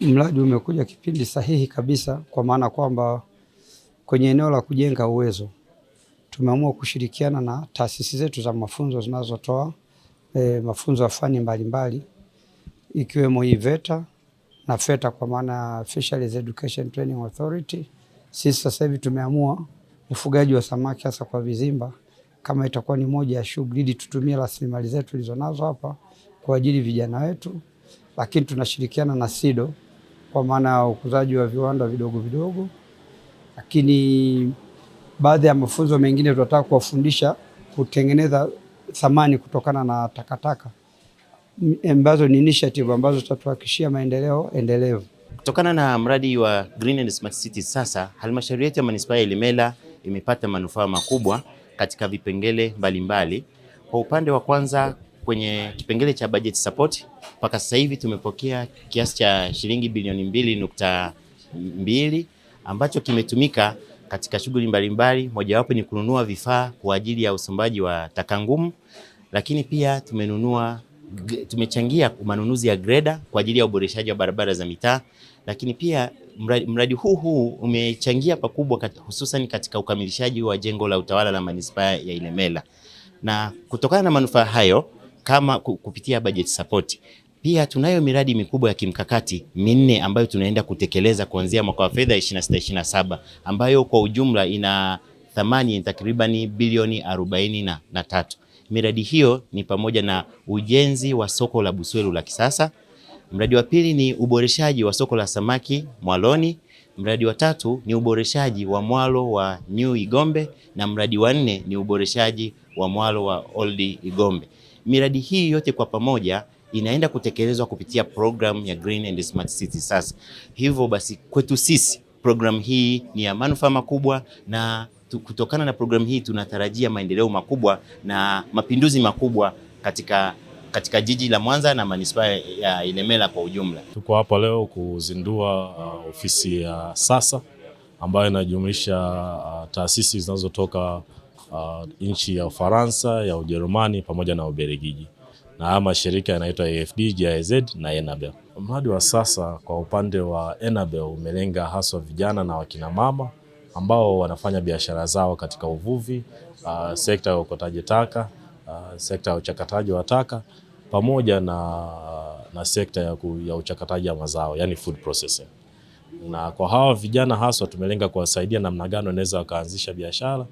mradi umekuja kipindi sahihi kabisa, kwa maana kwamba kwenye eneo la kujenga uwezo tumeamua kushirikiana na taasisi zetu za mafunzo zinazotoa e, mafunzo ya fani mbalimbali ikiwemo hii VETA na FETA kwa maana Fisheries Education Training Authority. Sisi sasa hivi tumeamua ufugaji wa samaki hasa kwa vizimba kama itakuwa ni moja ya shughuli, ili tutumie rasilimali zetu ilizonazo hapa kwa ajili vijana wetu lakini tunashirikiana na SIDO kwa maana ya ukuzaji wa viwanda vidogo vidogo, lakini baadhi ya mafunzo mengine tunataka kuwafundisha kutengeneza thamani kutokana na takataka ambazo ni initiative ambazo zitatuhakikishia maendeleo endelevu. Kutokana na mradi wa Green and Smart City, sasa halmashauri yetu ya manispaa ya Ilemela imepata manufaa makubwa katika vipengele mbalimbali. Kwa upande wa kwanza, kwenye kipengele cha budget support mpaka sasa hivi tumepokea kiasi cha shilingi bilioni mbili nukta mbili ambacho kimetumika katika shughuli mbalimbali, mojawapo ni kununua vifaa kwa ajili ya usombaji wa taka ngumu, lakini pia tumenunua tumechangia manunuzi ya greda kwa ajili ya uboreshaji wa barabara za mitaa, lakini pia mradi, mradi huu huu umechangia pakubwa kat, hususan katika ukamilishaji wa jengo la utawala la manispaa ya Ilemela na kutokana na manufaa hayo kama kupitia budget support. Pia tunayo miradi mikubwa ya kimkakati minne ambayo tunaenda kutekeleza kuanzia mwaka wa fedha 26 27 ambayo kwa ujumla ina thamani takriban bilioni 43. Miradi hiyo ni pamoja na ujenzi wa soko la Buswelu la kisasa. Mradi wa pili ni uboreshaji wa soko la samaki Mwaloni. Mradi wa tatu ni uboreshaji wa mwalo wa New Igombe na mradi wa nne ni uboreshaji wa mwalo wa Old Igombe. Miradi hii yote kwa pamoja inaenda kutekelezwa kupitia program ya Green and Smart City. Sasa hivyo basi, kwetu sisi programu hii ni ya manufaa makubwa, na kutokana na programu hii tunatarajia maendeleo makubwa na mapinduzi makubwa katika katika jiji la Mwanza na manispaa ya Ilemela kwa ujumla. Tuko hapa leo kuzindua uh, ofisi ya uh, sasa ambayo inajumuisha uh, taasisi zinazotoka uh, nchi ya Ufaransa, ya Ujerumani pamoja na Ubelgiji na haya mashirika yanaitwa AFD, GIZ na Enabel. Mradi wa sasa kwa upande wa Enabel umelenga haswa vijana na wakinamama ambao wanafanya biashara zao katika uvuvi, uh, sekta ya ukotaji taka, uh, sekta ya uchakataji wa taka pamoja na, na sekta ya, ku, ya uchakataji wa mazao yani food processing. Na kwa hawa vijana haswa tumelenga kuwasaidia namna gani wanaweza wakaanzisha biashara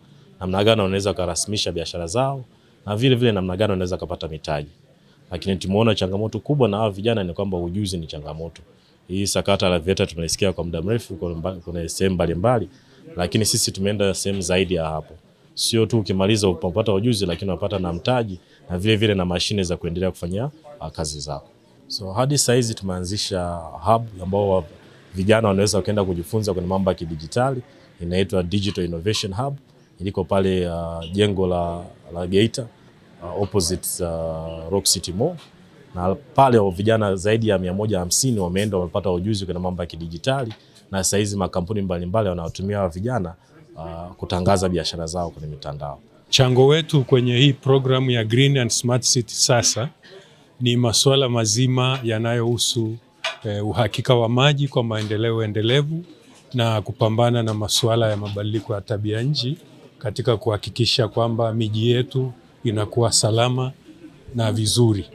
namna gani wanaweza karasmisha biashara zao na vile vile namna gani wanaweza kupata mitaji. Lakini tumeona changamoto kubwa na hawa vijana ni kwamba ujuzi ni changamoto. Hii sakata la VETA tunaisikia kwa muda mrefu, kuna sehemu mbalimbali, lakini sisi tumeenda sehemu zaidi ya hapo. Sio tu ukimaliza upata ujuzi, lakini unapata na mtaji na vile vile na mashine za kuendelea kufanya ah, kazi zao. So hadi sasa hizi tumeanzisha hub ambao vijana wanaweza wakaenda kujifunza kwenye mambo ya kidijitali, inaitwa Digital Innovation Hub liko pale uh, jengo la, la Geita uh, opposite uh, Rock City Mall na pale vijana zaidi ya mia moja hamsini wameenda wamepata ujuzi kwenye mambo ya kidijitali, na sasa hizi makampuni mbalimbali wanawatumia vijana uh, kutangaza biashara zao kwenye mitandao. Mchango wetu kwenye hii programu ya Green and Smart City sasa ni masuala mazima yanayohusu eh, uhakika wa maji kwa maendeleo endelevu na kupambana na masuala ya mabadiliko ya tabia nchi katika kuhakikisha kwamba miji yetu inakuwa salama na vizuri.